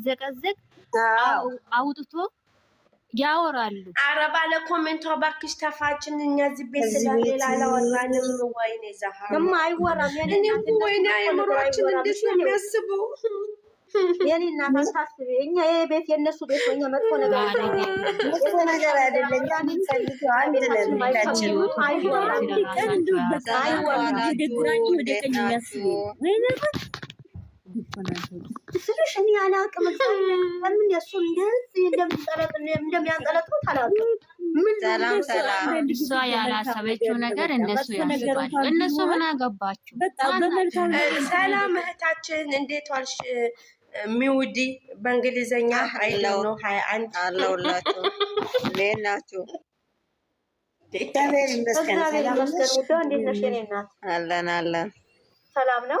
ሲዘቀዘቅ አውጥቶ ያወራሉ። ኧረ ባለ ኮሜንቷ እባክሽ ተፋጭን። እኛ እዚህ ቤት ስለሌላ አላወራንም። ወይኔ ዛሃማ አይወራም። እኔ ወይኔ አእምሯችን እንዴት ነው የሚያስበው? የኔ እናት አሳስቢ። እኛ ይሄ ቤት የእነሱ ቤት ነው። እኛ መጥፎ ነገር መጥፎ ነገር አይደለም። ስልሽ እኔ አላቅም። ለምን ያሱ እንደሚያንጠለጥሉት አላቅም። ሰላም ሰላም። እሷ ያላሰበችው ነገር እነሱ ያስባል። እነሱ ምን አገባቸው? ሰላም እህታችን፣ እንዴት ዋልሽ? ሚውዲ በእንግሊዘኛ አይለው ነው ሀያ አንድ አለውላችሁ። እንዴት ናችሁ? እግዚአብሔር ይመስገን። ሰላም ነው። አለን አለን። ሰላም ነው።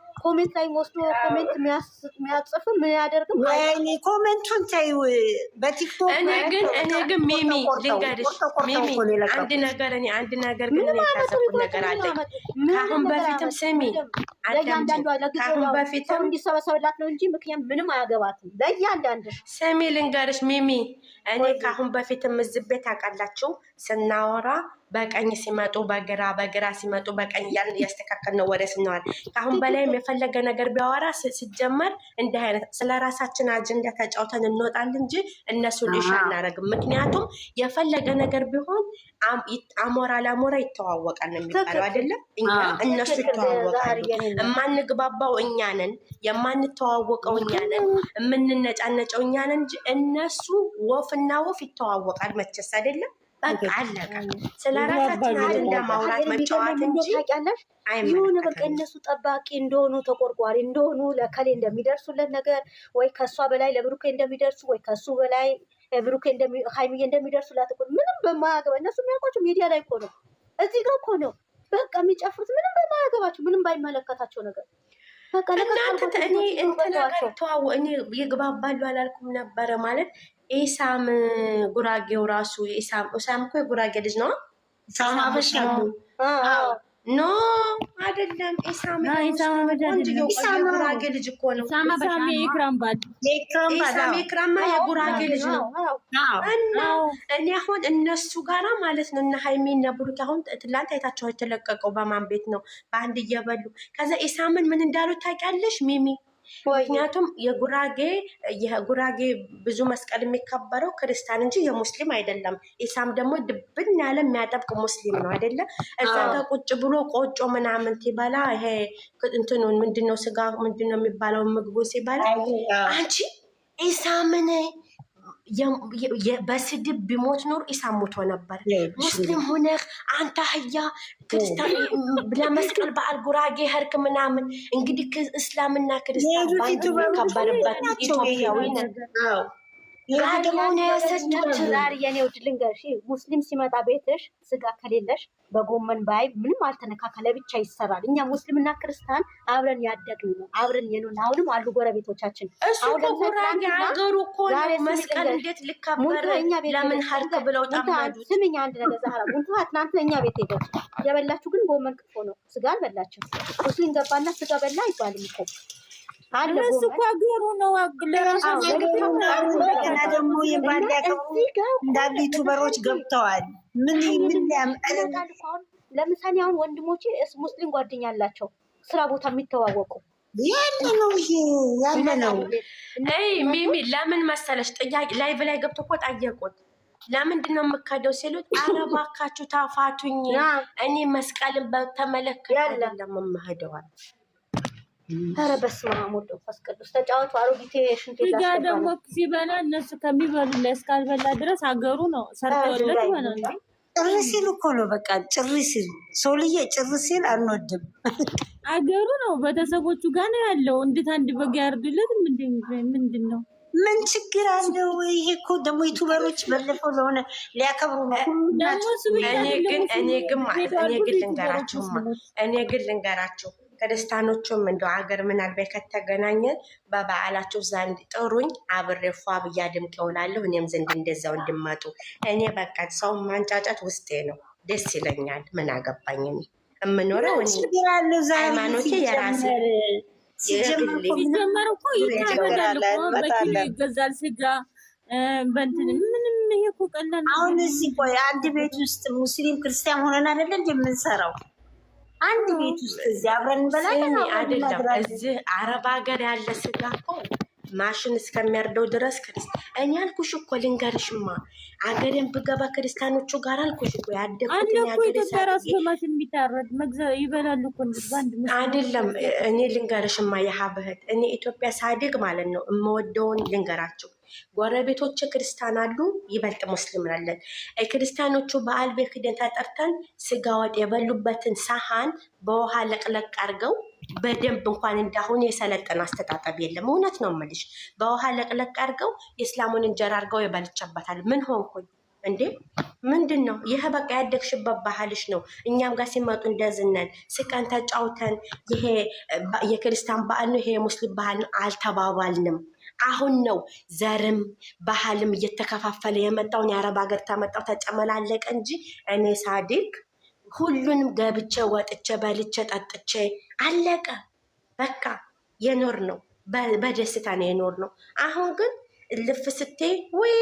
ኮሜንት ላይ ወስዶ ኮሜንት የሚያጽፍ ምን ያደርግም። ወይኔ ኮሜንቱን ተይው። በቲክቶክ እኔ ግን እኔ ግን ሚሚ ልንገርሽ ሚሚ አንድ ነገር እኔ አንድ ነገር ግን እኔ የታዘብኩት ነገር አለ። ከአሁን በፊትም ስሚ ለእያንዳንዱ ከአሁን በፊትም እንዲሰበሰብላት ነው እንጂ ምክንያት ምንም አያገባትም። ለእያንዳንዱ ስሚ ልንገርሽ ሚሚ እኔ ከአሁን በፊትም እዚህ ቤት አውቃላችሁ ስናወራ በቀኝ ሲመጡ በግራ በግራ ሲመጡ በቀኝ እያልን እያስተካከል ነው ወደ ስነዋል። ከአሁን በላይም የፈለገ ነገር ቢያወራ ሲጀመር እንዲህ አይነት ስለ ራሳችን አጀንዳ ተጫውተን እንወጣል እንጂ እነሱ ልሽ አናደርግም። ምክንያቱም የፈለገ ነገር ቢሆን አሞራ ለአሞራ ይተዋወቃል ነው የሚባለው አይደለም። እነሱ ይተዋወቃሉ። የማንግባባው እኛ ነን፣ የማንተዋወቀው እኛ ነን፣ የምንነጫነጨው እኛ ነን እንጂ እነሱ ወፍና ወፍ ይተዋወቃል መቼስ አይደለም። በቃ አለቀ። ስለ ራሳችን አጀንዳ ማውራት መጫወት እንጂ ታውቂያለሽ፣ የሆነ በቃ እነሱ ጠባቂ እንደሆኑ ተቆርቋሪ እንደሆኑ ለከሌ እንደሚደርሱለት ነገር ወይ ከእሷ በላይ ለብሩኬ እንደሚደርሱ ወይ ከእሱ በላይ ብሩኬ ሀይሚዬ እንደሚደርሱላት እኮ ምንም በማያገባ እነሱ የሚያውቋቸው ሚዲያ ላይ እኮ ነው፣ እዚህ ጋር እኮ ነው በቃ የሚጨፍሩት ምንም በማያገባቸው ምንም ባይመለከታቸው ነገር በቃ እኔ እንትን ነገር ተዋወ እኔ ይግባባሉ አላልኩም ነበረ ማለት ኢሳም ጉራጌው ራሱ ኢሳም ኢሳም እኮ የጉራጌ ልጅ ነው። ኖ አይደለም። ኢሳም ኢሳም ልጅ እኮ ነው። ኢሳም የጉራጌ ልጅ ነው። እና እኔ አሁን እነሱ ጋራ ማለት ነው እና ሀይሚና ብሩክ አሁን ትላንት አይታቸው የተለቀቀው በማን ቤት ነው? በአንድ እየበሉ ከዛ ኢሳምን ምን እንዳሉት ታውቂያለሽ ሚሚ ምክንያቱም የጉራጌ የጉራጌ ብዙ መስቀል የሚከበረው ክርስቲያን እንጂ የሙስሊም አይደለም። ኢሳም ደግሞ ድብን ያለ የሚያጠብቅ ሙስሊም ነው አይደለ? እዛ ጋር ቁጭ ብሎ ቆጮ ምናምን ሲበላ ይሄ እንትኑ ምንድነው ስጋ ምንድነው የሚባለው ምግቡ ሲበላ አንቺ ኢሳምን በስድብ ቢሞት ኖር ኢሳ ነበር። ሙስሊም ሁነህ አንተ አህያ ክርስቲያን ለመስቀል በዓል ጉራጌ ሄድክ ምናምን። እንግዲህ እስላምና ክርስቲያን ባንድ የሚከበርበት ኢትዮጵያዊ ቀድሞውን የሰጡት ዛሬ የኔ ውድ ልንገርሽ፣ ሙስሊም ሲመጣ ቤትሽ ስጋ ከሌለሽ በጎመን ባይ ምንም አልተነካከለ ብቻ ይሰራል። እኛ ሙስሊምና ክርስቲያን አብረን ያደግን ነው፣ አብረን የኑን። አሁንም አሉ ጎረቤቶቻችን። እሱ ጉራጌ ሀገሩ እኮ ነው። መስቀል እንዴት ልከበር ለምን ሀርተ ብለው ጣመዱ። ስምኝ አንድ ነገር ዛህራ ሙንቱሃ ትናንትና እኛ ቤት ሄደች። የበላችሁ ግን ጎመን ክትፎ ነው፣ ስጋ አልበላችሁ። ሙስሊም ገባና ስጋ በላ አይባልም እኮ እነሱ እኮ አገሩ ነው ለራሱና ደግሞ የማሊያቀሩ እንዳሉ ዩቱበሮች ገብተዋል። ምን ለምሳሌ አሁን ወንድሞቼ ሙስሊም ጓደኛ አላቸው ስራ ቦታ የሚተዋወቁ ያለ ነው ይሄ ያለ ነው። ሚሚ ለምን መሰለሽ ጥያቄ ላይ በላይ ገብቶ እኮ ጠየቁት። ለምንድን ነው የምከደው ሲሉት፣ ኧረ እባካችሁ ታፋቱኝ እኔ መስቀልን በተመለከተ ለምመህደዋል ኧረ በስመ አብ ወወልድ ወመንፈስ ቅዱስ ተጫወቱ። ሽንት ደግሞ ሲበላ እነሱ ከሚበሉ ላይ እስካልበላ ድረስ አገሩ ነው ሰርተወለት ይሆናል። ጭር ሲል እኮ ነው በቃ ጭር ሲል ጭር ሲል አንወድም። አገሩ ነው ቤተሰቦቹ ጋር ነው ያለው። እንዴት አንድ በግ ያርዱለት? ምንድን ነው ምን ችግር አለው? ይሄ እኮ ደግሞ ዩቱበሮች ባለፈው ለሆነ ሊያከብሩ እኔ ግን ልንገራቸውማ እኔ ግን ልንገራቸው ክርስቲያኖቹም እንደ አገር ምናልባት ከተገናኘን በበዓላችሁ ዘንድ ጥሩኝ፣ አብሬ ፏ ብያ ድምቅ ይውላለሁ። እኔም ዘንድ እንደዛው እንድመጡ እኔ በቃ ሰው ማንጫጫት ውስጤ ነው፣ ደስ ይለኛል። ምን አገባኝ እኔ የምኖረው ሃይማኖቴ የራሴ ሲጀመር እኮ ይታረዳል እኮ በኪሎ ይገዛል ስጋ በእንትን ምንም ይሄ እኮ ቀላል። አሁን እዚህ ቆይ አንድ ቤት ውስጥ ሙስሊም ክርስቲያን ሆነን አይደለ እንደምንሰራው አንድ ቤት ውስጥ እዚህ አብረን እንበላለን። አይደለም እዚህ አረብ ሀገር ያለ ስጋ እኮ ማሽን እስከሚያርደው ድረስ ክርስቲያን እኔ አልኩሽ እኮ ልንገርሽማ፣ አገሬን ብገባ ክርስቲያኖቹ ጋር አልኩሽ እኮ አይደለም። እኔ ልንገርሽማ፣ የሀብህት እኔ ኢትዮጵያ ሳድግ ማለት ነው የምወደውን ልንገራቸው ጎረቤቶች ክርስቲያን አሉ፣ ይበልጥ ሙስሊም አለን። ክርስቲያኖቹ በዓል በክደን ተጠርተን ስጋ ወጥ የበሉበትን ሳህን በውሃ ለቅለቅ አርገው በደንብ እንኳን እንዳሁን የሰለጠነ አስተጣጠብ የለም። እውነት ነው የምልሽ። በውሃ ለቅለቅ አርገው የእስላሙን እንጀራ አርገው የበልቻበታል። ምን ሆንኩኝ እንዴ? ምንድን ነው ይህ? በቃ ያደግሽበት ባህልሽ ነው። እኛም ጋር ሲመጡ እንደዝነን ስቀን ተጫውተን ይሄ የክርስቲያን በዓል ነው ይሄ የሙስሊም ባህል ነው አልተባባልንም። አሁን ነው ዘርም ባህልም እየተከፋፈለ የመጣውን የአረብ ሀገር ተመጣው ተጨመላለቀ እንጂ እኔ ሳዲቅ ሁሉንም ገብቼ ወጥቼ በልቼ ጠጥቼ አለቀ። በቃ የኖር ነው በደስታ ነው የኖር ነው። አሁን ግን ልፍ ስቴ ወይ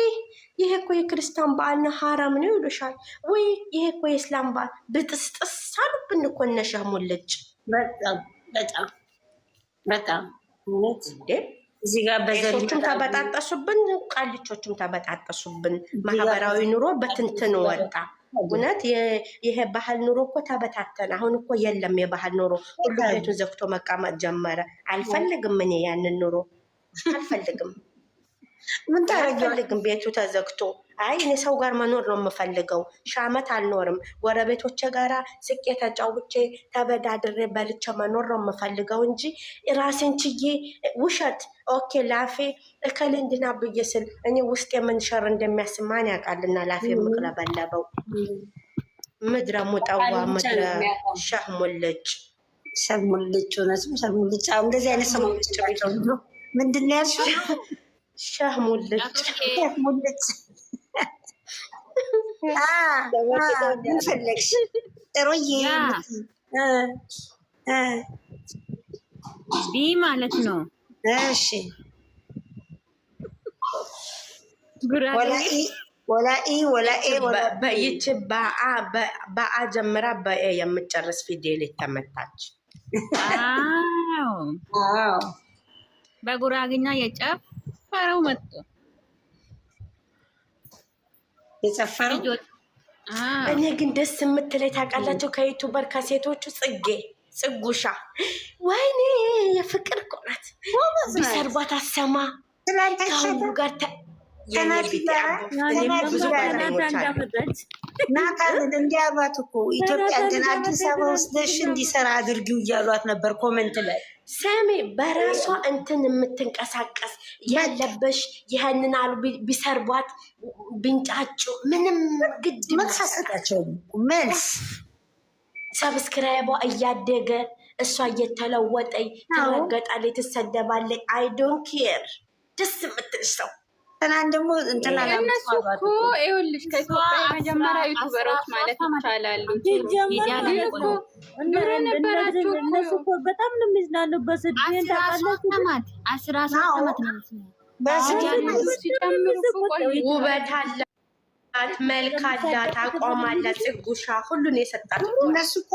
ይሄ እኮ የክርስቲያን በዓል ነው ሀራም ነው ይሉሻል። ወይ ይሄ እኮ የእስላም በዓል ብጥስጥስ አሉብን እኮ እነ ሸሙልጭ በጣም በጣም በጣም እዚህ ጋር በዘሪዎቹም ተበጣጠሱብን፣ ቃልቾቹም ተበጣጠሱብን። ማህበራዊ ኑሮ በትንትን ወጣ። እውነት ይሄ ባህል ኑሮ እኮ ተበታተነ አሁን እኮ የለም የባህል ኑሮ። ሁሉ ቤቱን ዘግቶ መቀመጥ ጀመረ። አልፈልግም እኔ ያንን ኑሮ አልፈልግም። ምን አልፈልግም። ቤቱ ተዘግቶ አይ እኔ ሰው ጋር መኖር ነው የምፈልገው። ሺህ ዓመት አልኖርም። ጎረቤቶቼ ጋራ ስቄ ተጫውቼ ተበዳድሬ በልቼ መኖር ነው የምፈልገው እንጂ ራሴን ችዬ ውሸት ኦኬ ላፌ እከሌ እንድና ብዬ ስል እኔ ውስጥ የምንሸር እንደሚያስማን ያውቃልና ላፌ የምቅለበለበው ምድረ ሙጠዋ ምድረ ሸህሙልጭ ሸህሙልጭ ሆነ ሸህሙልጭ እንደዚህ አይነት ሰሞልጭ ምንድን ነው ያልሽው? ሻህ ሞለች ሞለች ፈለግሽ ጥሩዬ ቢ ማለት ነው። እሺ ወላኢ ወላኤ በይች በአ ጀምራ በኤ የምጨርስ ፊደል የተመታች በጉራግኛ የጨፍ ጨፈረው መጥቶ የጨፈረው እኔ ah. ግን ደስ የምትለኝ ታውቃላቸው ከዩቱበር ከሴቶቹ ጽጌ ጽጉሻ ወይኔ የፍቅር ቆናት ቢሰርባት አሰማ ከሁሉ ጋር ናታንን እኮ ኢትዮጵያ ግን አዲስ አበባ እንዲሰራ አድርጊው እያሏት ነበር ኮመንት ላይ ሰሜ በራሷ እንትን የምትንቀሳቀስ ያለበሽ ይህንን አሉ ቢሰርቧት ቢንጫጩ ምንም ግድ መልስ ሰብስክራይቧ እያደገ እሷ እየተለወጠ ትረገጣለች ትሰደባለች አይ ዶንት ኬር ደስ የምትል ሰው ትናንት ደግሞ እንትና እነሱ እኮ ይኸውልሽ ከኢትዮጵያ የመጀመሪያ ዩቱበሮች ማለት ይቻላሉ። ድሮ ነበራችሁ እነሱ እኮ በጣም ነው የሚዝናኑት። አስራ ነው ውበት አለ ሰጣት አላት፣ አቋም አላት፣ ጽጉሻ ሁሉን የሰጣት። እነሱ እኮ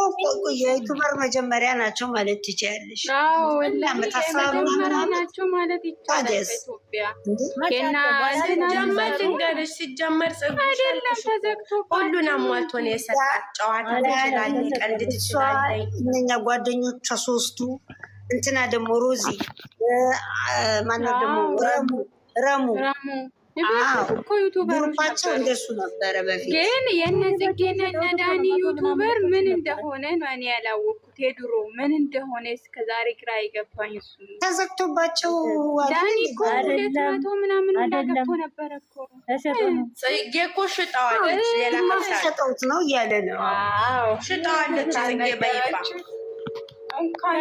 የዩቱበር መጀመሪያ ናቸው ማለት ትችያለሽ። ሲጀመር ሁሉን አሟልቶ ነው የሰጣት። ጨዋታ ትችላለች፣ ትችላለች። እነኛ ጓደኞቿ ሶስቱ እንትና ደግሞ ሮዚ ማነው ደግሞ ረሙ ረሙ ግሩፓቸው እንደሱ ነበረ በፊት። ግን ጽጌና እነ ዳኒ ዩቱበር ምን እንደሆነ ነው እኔ ያላወቅኩት፣ የድሮ ምን እንደሆነ እስከዛሬ ግራ የገባኝ እሱ ተዘግቶባቸው ዳኒ እኮ ሁለት መቶ ምናምን እንዳገብቶ ነበረ እኮ ጽጌ እኮ ሸጠውት ነው እያለ ነው ጽጌ እንኳን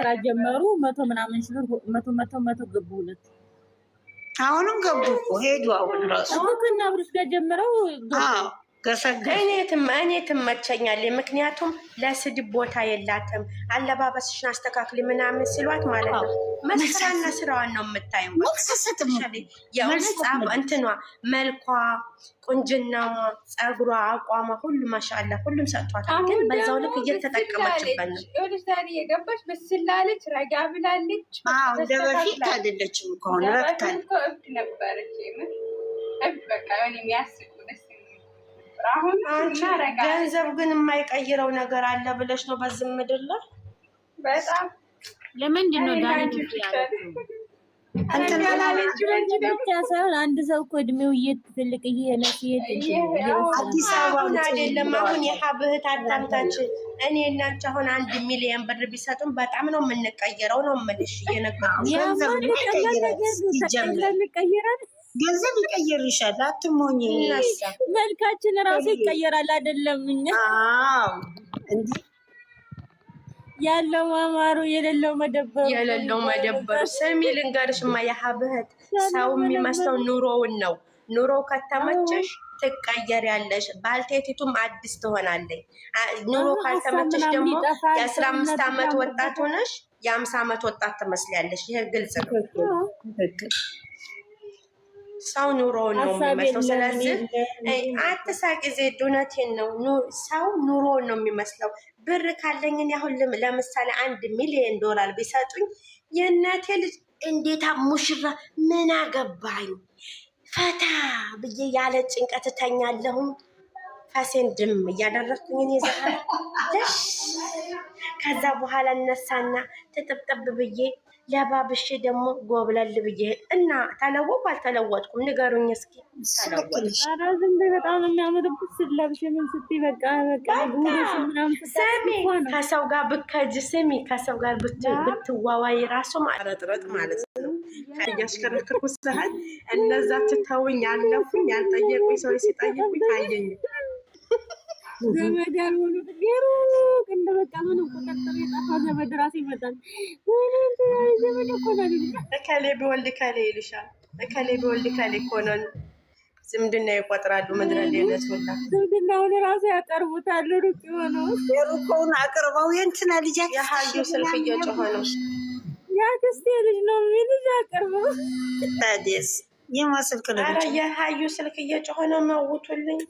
ስራ ጀመሩ። መቶ ምናምን መቶ መቶ መቶ ገቡ ሁለት አሁንም ገቡ እኮ ሄዱ። አሁን ራሱ እና ብርሽ ጋር ጀምረው እኔ ትመቸኛለች። ምክንያቱም ለስድብ ቦታ የላትም። አለባበስሽን አስተካክል ምናምን ሲሏት ማለት ነው መስራና ስራዋን ነው የምታየው። እንትኗ መልኳ፣ ቁንጅናዋ፣ ፀጉሯ፣ አቋሟ ሁሉ ማሻላ ሁሉም ሰጥቷታል። ግን በዛው ልክ እየተጠቀመችበት ነው። የገባች ምስላለች፣ ረጋ ብላለች። እንደ በፊት አይደለችም። ከሆነ ረግታል ነበረች በቃ የሚያስብ አንቺ ገንዘብ ግን የማይቀይረው ነገር አለ ብለሽ ነው በዚህ ምድር ላይ በጣም ለምንድን ነው ዳኒት ያሳሁን አንድ ሰው እኮ እድሜው የት ትልቅ ይሄ አዲስ አበባውን አይደለም። አሁን የሀብህት አዳምታችን እኔ እናንቺ አሁን አንድ ሚሊዮን ብር ቢሰጡን በጣም ነው የምንቀየረው ነው የምልሽ እየነገርኩሽ ገንዘብ ይቀየርሻል። አትሞኝ። መልካችን ራሱ ይቀየራል። አይደለም እንዲ ያለው ማማሩ የሌለው መደበሩ የሌለው መደበሩ። ስሚ ልንገርሽማ የሀብህት ሰው የሚመስለው ኑሮውን ነው። ኑሮ ከተመቸሽ ያለሽ ባልቴቲቱም አዲስ ትሆናለች። ኑሮ ካልተመቸሽ ደግሞ የአስራ አምስት አመት ወጣት ሆነሽ የአምሳ አመት ወጣት ትመስል ያለሽ ይህ ግልጽ ነው። ሰው ኑሮ ነው የሚመስለው። ስለዚህ አትሳቂ ዜድ፣ እውነቴን ነው። ሰው ኑሮ ነው የሚመስለው። ብር ካለኝን ያሁን ለምሳሌ አንድ ሚሊዮን ዶላር ቢሰጡኝ የእናቴ ልጅ እንዴታ ሙሽራ ምን አገባኝ ፈታ ብዬ ያለ ጭንቀት እተኛለሁኝ። ፈሴን ድም እያደረግኩኝ እኔ ከዛ በኋላ እነሳና ትጥብጥብ ብዬ ለባብሽ ደግሞ ጎብለል ብዬ እና ተለወቁ አልተለወጥኩም? ንገሩኝ እስኪ። ዝም በጣም የሚያምርብሽ ስለብሽ ምን ስትይ፣ በቃ በቃ ስሚ፣ ከሰው ጋር ብከጅ ስሚ፣ ከሰው ጋር ብትዋዋይ ራሱ ማረጥረጥ ማለት ነው። እያሽከረከርኩ ስህል እነዛ ትተውኝ ያለፉኝ ያልጠየቁኝ ሰው ሲጠይቁኝ ታየኝ ዘመድ ያልሆኑ ገሩቅ እንደ በቃ ምንም ቁጥጥር የጠፋ ዘመድ ራሱ ይመጣል። ዘመድ ኮናል እከሌ ቢወልድ ከሌ ይልሻል። እከሌ ቢወልድ ከሌ ኮነን ዝምድና ይቆጥራሉ። ምድረ ሌነሱላ ዝምድናውን ራሱ ያቀርቡታል። ሩቅ የሆነው የሩቆውን አቅርበው የእንትና ልጅ የሀዩ ስልክ እየጮኸ ነው። የአክስቴ ልጅ ነው የሚልጅ አቅርበው ታዲያስ ይማ ስልክ ነው። የሀዩ ስልክ እየጮኸ ነው። መውቱልኝ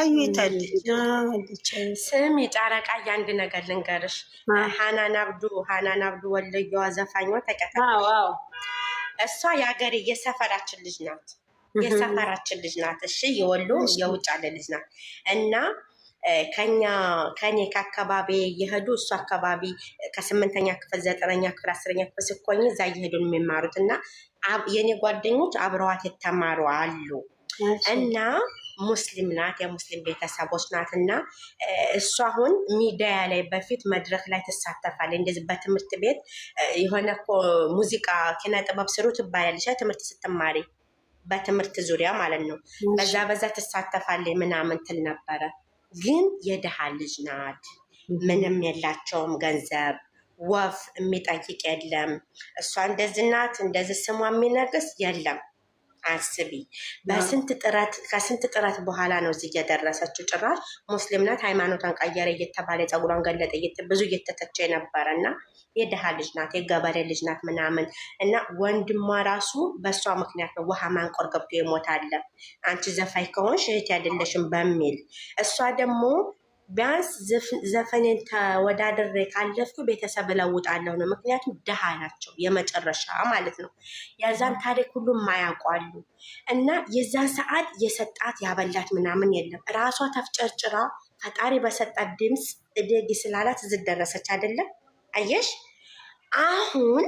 አይታለች። ስም የጨረቃ ነገር ልንገርሽ። ሀናን አብዱ ሀናን አብዱ ወለየዋ ዘፋኟ ተቀታ እሷ የሀገሬ የሰፈራችን ልጅ ናት። የሰፈራችን ልጅ ናት። እሺ የወሎ የውጫሌ ልጅ ናት እና ከኛ ከኔ ከአካባቢ እየሄዱ እሱ አካባቢ ከስምንተኛ ክፍል ዘጠነኛ ክፍል አስረኛ ክፍል ስኮኝ እዛ እየሄዱ ነው የሚማሩት እና የኔ ጓደኞች አብረዋት የተማሩ አሉ እና ሙስሊም ናት፣ የሙስሊም ቤተሰቦች ናት እና እሱ አሁን ሚዲያ ላይ በፊት መድረክ ላይ ትሳተፋለች። እንደዚህ በትምህርት ቤት የሆነ ሙዚቃ ኪነ ጥበብ ስሩ ትባያለች ትምህርት ስትማሪ በትምህርት ዙሪያ ማለት ነው። በዛ በዛ ትሳተፋለች ምናምን ትል ነበረ። ግን የድሃ ልጅ ናት። ምንም የላቸውም ገንዘብ ወፍ የሚጠይቅ የለም። እሷ እንደዚህ ናት፣ እንደዚህ ስሟ የሚነግስ የለም። አስቢ። በስንት ጥረት ከስንት ጥረት በኋላ ነው እዚህ የደረሰችው ጭራሽ ሙስሊም ናት፣ ሃይማኖቷን ቀየረ እየተባለ ጸጉሯን ገለጠ ብዙ እየተተቸ የነበረ እና የድሃ ልጅ ናት፣ የገበሬ ልጅ ናት ምናምን እና ወንድሟ ራሱ በእሷ ምክንያት ነው ውሃ ማንቆር ገብቶ የሞት አለ አንቺ ዘፋኝ ከሆንሽ እህት ያደለሽም በሚል እሷ ደግሞ ቢያንስ ዘፈኔን ተወዳድሬ ካለፍኩ ቤተሰብ እለውጣለሁ ነው። ምክንያቱም ድሃ ናቸው የመጨረሻ ማለት ነው። የዛን ታሪክ ሁሉም ማያውቋሉ እና የዛን ሰዓት የሰጣት ያበላት ምናምን የለም። ራሷ ተፍጨርጭራ ፈጣሪ በሰጣት ድምፅ እደጊ ስላላት ዝደረሰች አይደለም አየሽ አሁን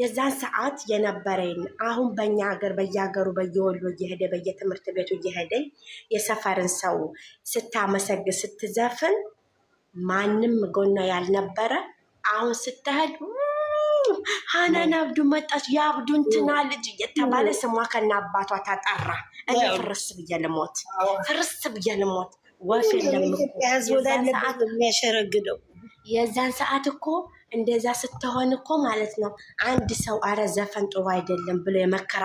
የዛን ሰዓት የነበረኝ አሁን በእኛ ሀገር በየሀገሩ በየወሎ እየሄደ በየትምህርት ቤቱ እየሄደ የሰፈርን ሰው ስታመሰግን ስትዘፍን ማንም ጎና ያልነበረ አሁን ስትሄድ ሀናን አብዱ መጣች የአብዱ እንትና ልጅ እየተባለ ስሟ ከና አባቷ ታጠራ። እኔ ፍርስ ብዬ ልሞት፣ ፍርስ ብዬ ልሞት። ወፍ የለም የዛን ሰዓት እኮ እንደዛ ስትሆን እኮ ማለት ነው አንድ ሰው አረ ዘፈን ጥሩ አይደለም ብሎ የመከራ